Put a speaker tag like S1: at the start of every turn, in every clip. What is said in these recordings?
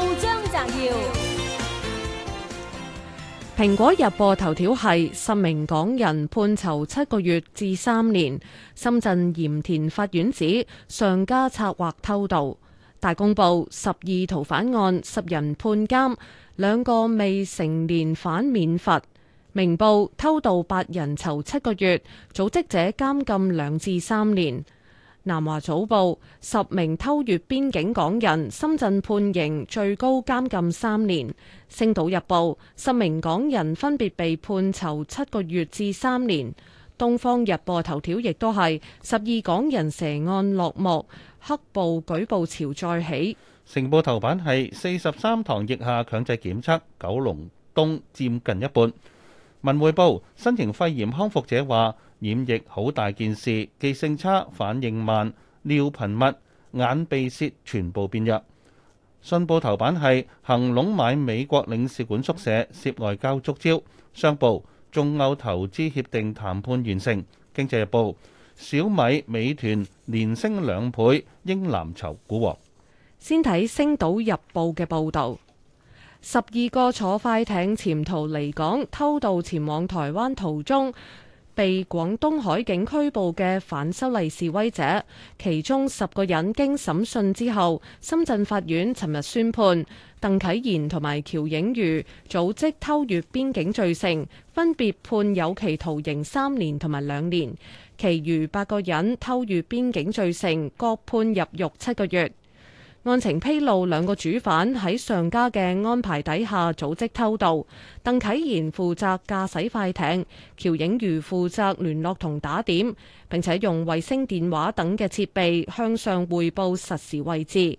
S1: 報章摘
S2: 要，蘋果日報頭條係十名港人判囚七個月至三年。深圳鹽田法院指上家策劃偷渡，大公報十二逃犯案十人判監，兩個未成年犯免罰。明報偷渡八人囚七個月，組織者監禁兩至三年。南華早報：十名偷越邊境港人，深圳判刑最高監禁三年。星島日報：十名港人分別被判囚七個月至三年。東方日報頭條亦都係十二港人蛇案落幕，黑暴舉報潮再起。
S1: 成報頭版係四十三堂腋下強制檢測，九龍東佔近一半。文匯報：新型肺炎康復者話。染疫好大件事，記性差，反應慢，尿頻密，眼鼻舌全部變弱。信報頭版係恒隆買美國領事館宿舍涉外交足招。商報中歐投資協定談判完成。經濟日報小米、美團連升兩倍，英藍籌股王。
S2: 先睇《星島日報，報道》嘅報導，十二個坐快艇潛逃離港偷渡前往台灣途中。被廣東海警拘捕嘅反修例示威者，其中十個人經審訊之後，深圳法院尋日宣判，鄧棨然同埋喬映瑜組織偷越邊境罪成，分別判有期徒刑三年同埋兩年，其餘八個人偷越邊境罪成，各判入獄七個月。案情披露，兩個主犯喺上家嘅安排底下組織偷渡，鄧啟賢負責駕駛快艇，喬影如負責聯絡同打點，並且用衛星電話等嘅設備向上匯報實時位置。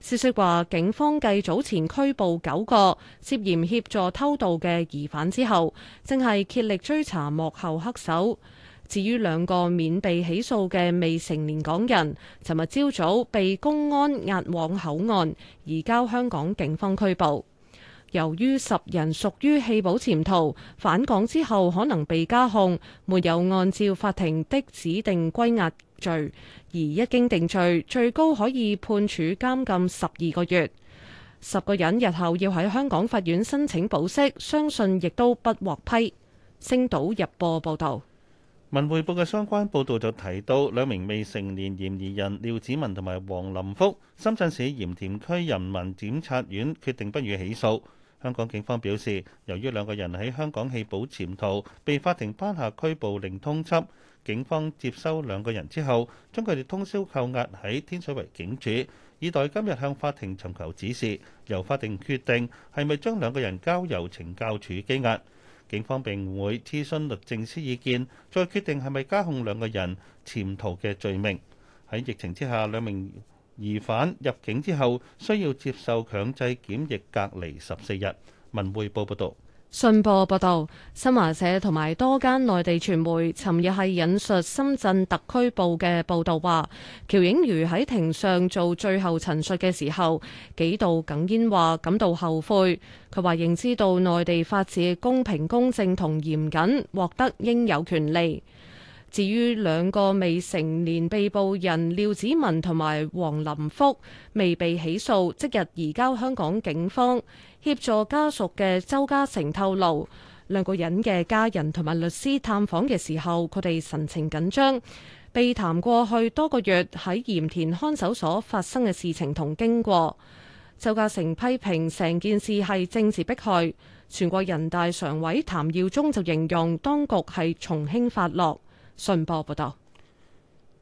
S2: 消息話，警方繼早前拘捕九個涉嫌協助偷渡嘅疑犯之後，正係竭力追查幕後黑手。至於兩個免被起訴嘅未成年港人，尋日朝早被公安押往口岸，移交香港警方拘捕。由於十人屬於棄保潛逃，返港之後可能被加控，沒有按照法庭的指定歸押罪，而一經定罪，最高可以判處監禁十二個月。十個人日後要喺香港法院申請保釋，相信亦都不獲批。星島日報報道。
S1: 文匯報嘅相關報導就提到，兩名未成年嫌疑人廖子文同埋黃林福，深圳市鹽田區人民檢察院決定不予起訴。香港警方表示，由於兩個人喺香港棄保潛逃，被法庭頒下拘捕令通緝。警方接收兩個人之後，將佢哋通宵扣押喺天水圍警署，以待今日向法庭尋求指示，由法庭決定係咪將兩個人交由懲教處羈押。警方並會諮詢律政司意見，再決定係咪加控兩個人潛逃嘅罪名。喺疫情之下，兩名疑犯入境之後需要接受強制檢疫隔離十四日。文匯報報道。
S2: 信報報道，新華社同埋多間內地傳媒尋日係引述深圳特區報嘅報道話，喬穎如喺庭上做最後陳述嘅時候，幾度哽咽話感到後悔。佢話認知到內地法治公平公正同嚴謹，獲得應有權利。至於兩個未成年被捕人廖子文同埋黃林福未被起訴，即日移交香港警方。協助家屬嘅周家成透露，兩個人嘅家人同埋律師探訪嘅時候，佢哋神情緊張，被談過去多個月喺鹽田看守所發生嘅事情同經過。周家成批評成件事係政治迫害。全國人大常委譚耀宗就形容當局係從輕發落。信報報道，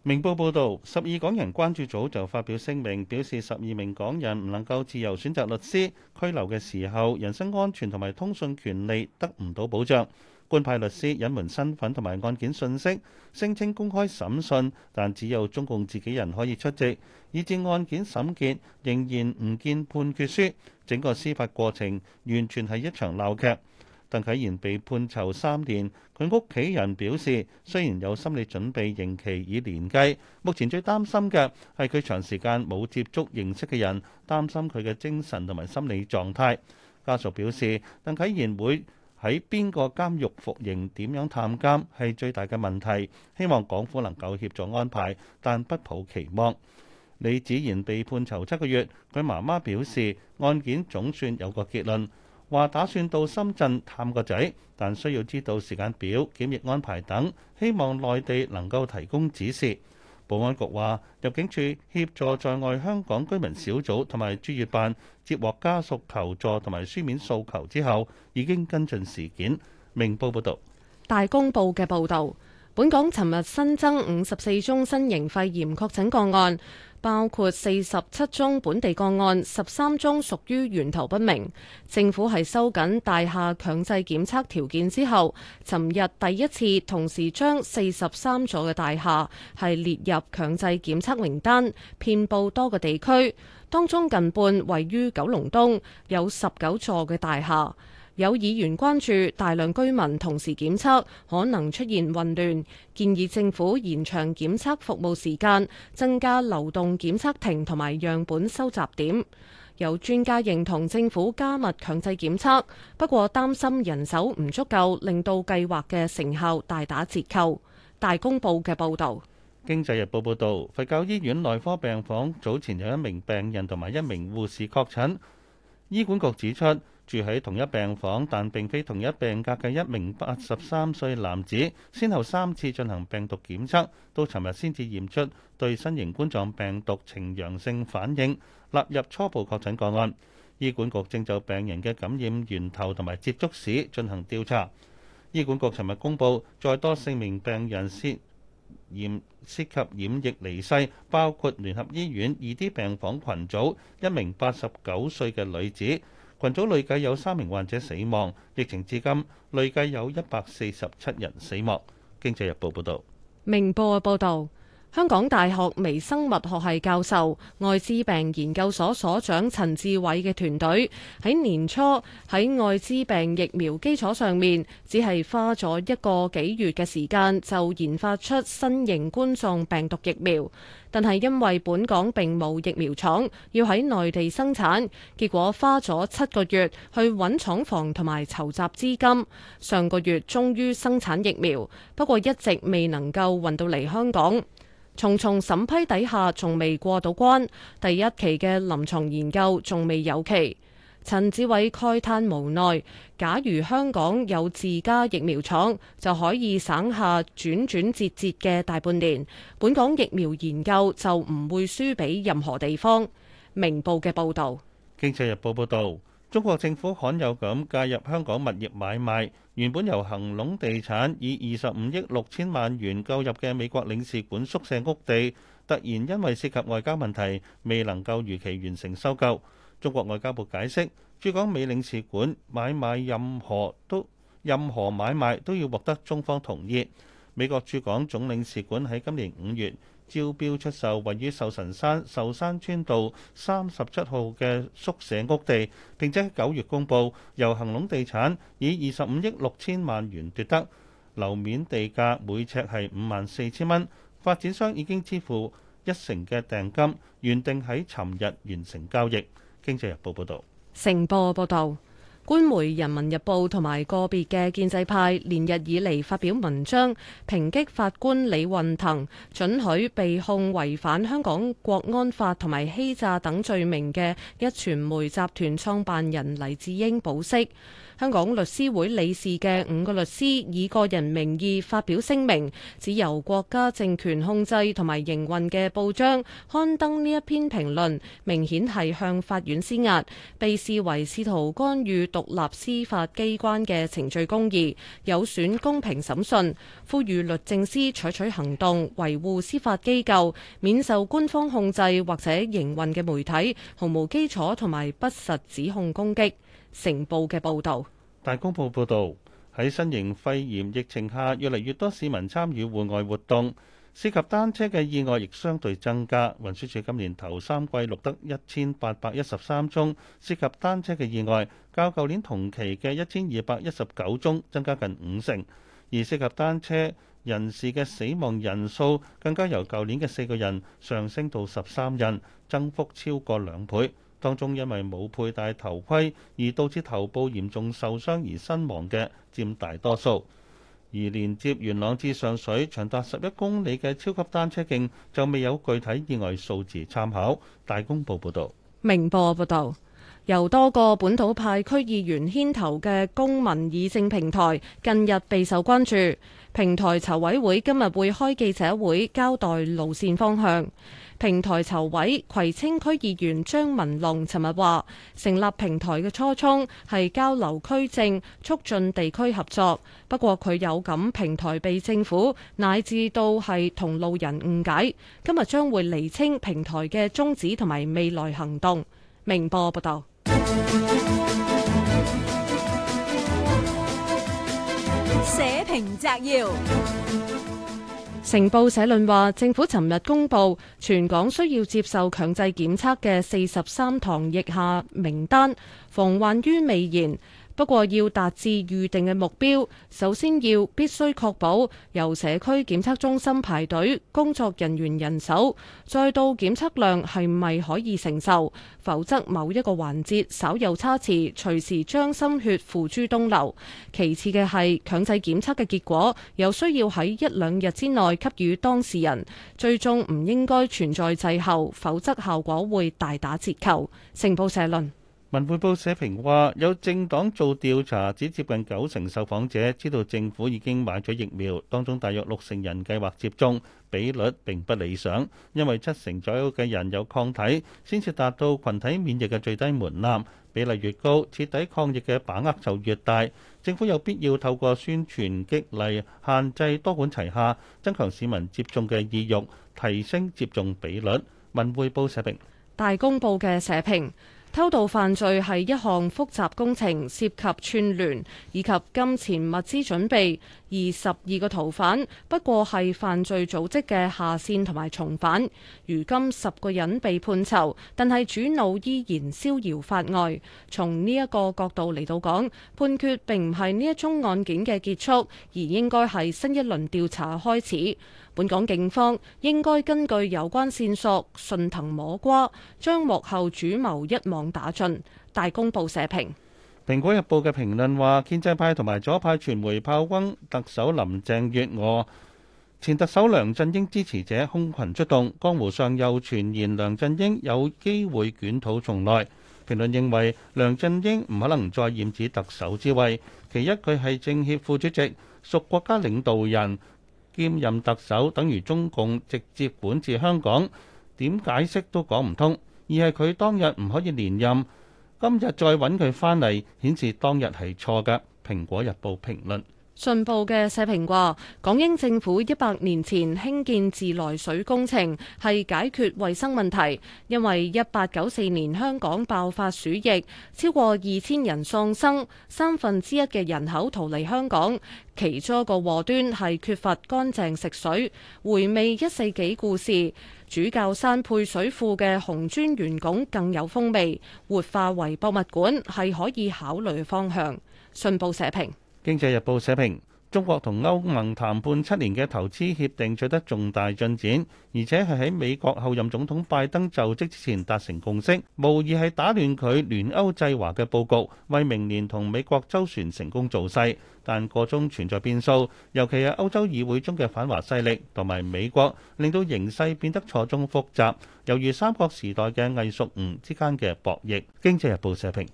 S1: 明報報道，十二港人關注組就發表聲明，表示十二名港人唔能夠自由選擇律師，拘留嘅時候，人身安全同埋通訊權利得唔到保障，官派律師隱瞞身份同埋案件信息，聲稱公開審訊，但只有中共自己人可以出席，以至案件審結仍然唔見判決書，整個司法過程完全係一場鬧劇。鄧啟賢被判囚三年，佢屋企人表示，雖然有心理準備刑期以年計，目前最擔心嘅係佢長時間冇接觸認識嘅人，擔心佢嘅精神同埋心理狀態。家屬表示，鄧啟賢會喺邊個監獄服刑、點樣探監係最大嘅問題，希望港府能夠協助安排，但不抱期望。李子賢被判囚七個月，佢媽媽表示，案件總算有個結論。話打算到深圳探個仔，但需要知道時間表、檢疫安排等，希望內地能夠提供指示。保安局話，入境處協助在外香港居民小組同埋駐粵辦接獲家屬求助同埋書面訴求之後，已經跟進事件。明報報道。
S2: 大公報嘅報導，本港尋日新增五十四宗新型肺炎確診個案。包括四十七宗本地個案，十三宗屬於源頭不明。政府係收緊大廈強制檢測條件之後，尋日第一次同時將四十三座嘅大廈係列入強制檢測名單，遍佈多個地區，當中近半位於九龍東，有十九座嘅大廈。有議員關注大量居民同時檢測可能出現混亂，建議政府延長檢測服務時間，增加流動檢測亭同埋樣本收集點。有專家認同政府加密強制檢測，不過擔心人手唔足夠，令到計劃嘅成效大打折扣。大公報嘅報導，
S1: 《經濟日報》報導，佛教醫院內科病房早前有一名病人同埋一名護士確診，醫管局指出。住喺同一病房，但並非同一病格嘅一名八十三歲男子，先後三次進行病毒檢測，到尋日先至驗出對新型冠狀病毒呈陽性反應納入初步確診個案。醫管局正就病人嘅感染源頭同埋接觸史進行調查。醫管局尋日公布，再多四名病人涉染涉、涉及染疫離世，包括聯合醫院 2D 病房群組一名八十九歲嘅女子。群組累計有三名患者死亡，疫情至今累計有一百四十七人死亡。經濟日報報道。
S2: 明報嘅報道。香港大學微生物學系教授、愛滋病研究所所長陳志偉嘅團隊喺年初喺愛滋病疫苗基礎上面，只係花咗一個幾月嘅時間就研發出新型冠狀病毒疫苗。但係因為本港並冇疫苗廠，要喺內地生產，結果花咗七個月去搵廠房同埋籌集資金。上個月終於生產疫苗，不過一直未能夠運到嚟香港。重重審批底下，從未過到關，第一期嘅臨床研究仲未有期。陳志偉慨嘆無奈，假如香港有自家疫苗廠就可以省下轉轉折折嘅大半年。本港疫苗研究就唔會輸俾任何地方。明報嘅報道，
S1: 經濟日報報道。中國政府罕有咁介入香港物業買賣，原本由恒隆地產以二十五億六千萬元購入嘅美國領事館宿舍屋地，突然因為涉及外交問題，未能夠如期完成收購。中國外交部解釋，駐港美領事館買賣任何都，任何買賣都要獲得中方同意。美國駐港總領事館喺今年五月招標出售位於壽臣山壽山村道三十七號嘅宿舍屋地，並且喺九月公佈由恆隆地產以二十五億六千萬元奪得，樓面地價每呎係五萬四千蚊。發展商已經支付一成嘅訂金，原定喺尋日完成交易。經濟日報報導，
S2: 成波報導。官媒《人民日報》同埋個別嘅建制派連日以嚟發表文章，抨擊法官李運騰准許被控違反香港國安法同埋欺詐等罪名嘅壹傳媒集團創辦人黎智英保釋。香港律師會理事嘅五個律師以個人名義發表聲明，指由國家政權控制同埋營運嘅報章刊登呢一篇評論，明顯係向法院施壓，被視為試圖干預獨立司法機關嘅程序公義、有損公平審訊。呼籲律政司採取取行動，維護司法機構免受官方控制或者營運嘅媒體毫無基礎同埋不實指控攻擊。成報嘅報導，
S1: 大公報報導喺新型肺炎疫情下，越嚟越多市民參與戶外活動，涉及單車嘅意外亦相對增加。運輸署今年頭三季錄得一千八百一十三宗涉及單車嘅意外，較舊年同期嘅一千二百一十九宗增加近五成。而涉及單車人士嘅死亡人數更加由舊年嘅四個人上升到十三人，增幅超過兩倍。當中因為冇佩戴頭盔而導致頭部嚴重受傷而身亡嘅佔大多數，而連接元朗至上水長達十一公里嘅超級單車徑就未有具體意外數字參考。大公報報道
S2: 明，明報報道，由多個本土派區議員牽頭嘅公民議政平台近日備受關注，平台籌委會今日會開記者會交代路線方向。平台籌委葵青區議員張文龍尋日話：成立平台嘅初衷係交流區政，促進地區合作。不過佢有感平台被政府乃至到係同路人誤解，今日將會釐清平台嘅宗旨同埋未來行動。明報報道。
S1: 社評摘要。
S2: 成報社論話：政府尋日公布全港需要接受強制檢測嘅四十三堂疫下名單，防患於未然。不過要達至預定嘅目標，首先要必須確保由社區檢測中心排隊工作人員人手，再到檢測量係咪可以承受，否則某一個環節稍有差池，隨時將心血付諸東流。其次嘅係強制檢測嘅結果，又需要喺一兩日之內給予當事人，最終唔應該存在滯後，否則效果會大打折扣。成報社論。
S1: 文匯報社評話：有政黨做調查，只接近九成受訪者知道政府已經買咗疫苗，當中大約六成人計劃接種，比率並不理想。因為七成左右嘅人有抗體，先至達到群體免疫嘅最低門檻，比例越高，徹底抗疫嘅把握就越大。政府有必要透過宣傳、激勵、限制多管齊下，增強市民接種嘅意欲，提升接種比率。文匯報社評，
S2: 大公報嘅社評。偷渡犯罪係一項複雜工程，涉及串聯以及金錢物資準備。而十二個逃犯不過係犯罪組織嘅下線同埋從犯，如今十個人被判囚，但係主腦依然逍遙法外。從呢一個角度嚟到講，判決並唔係呢一宗案件嘅結束，而應該係新一輪調查開始。本港警方應該根據有關線索順藤摸瓜，將幕後主謀一網打盡。大公報社評。
S1: 《蘋果日報》嘅評論話：建制派同埋左派傳媒炮轟特首林鄭月娥，前特首梁振英支持者空群出動，江湖上又傳言梁振英有機會捲土重來。評論認為梁振英唔可能再染指特首之位。其一，佢係政協副主席，屬國家領導人，兼任特首，等於中共直接管治香港，點解釋都講唔通。而係佢當日唔可以連任。今日再揾佢翻嚟，顯示當日係錯嘅。《蘋果日報》評論。
S2: 信報嘅社評話，港英政府一百年前興建自來水工程係解決衛生問題，因為一八九四年香港爆發鼠疫，超過二千人喪生，三分之一嘅人口逃離香港，其中一個禍端係缺乏乾淨食水。回味一世紀故事，主教山配水庫嘅紅磚圓拱更有風味，活化為博物館係可以考慮方向。信報社評。
S1: 經濟日報社評：中國同歐盟談判七年嘅投資協定取得重大進展，而且係喺美國後任總統拜登就職之前達成共識，無疑係打亂佢聯歐制華嘅佈局，為明年同美國周旋成功造勢。但個中存在變數，尤其係歐洲議會中嘅反華勢力同埋美國，令到形勢變得錯綜複雜。猶如三國時代嘅魏蜀吳之間嘅博弈。經濟日報社評。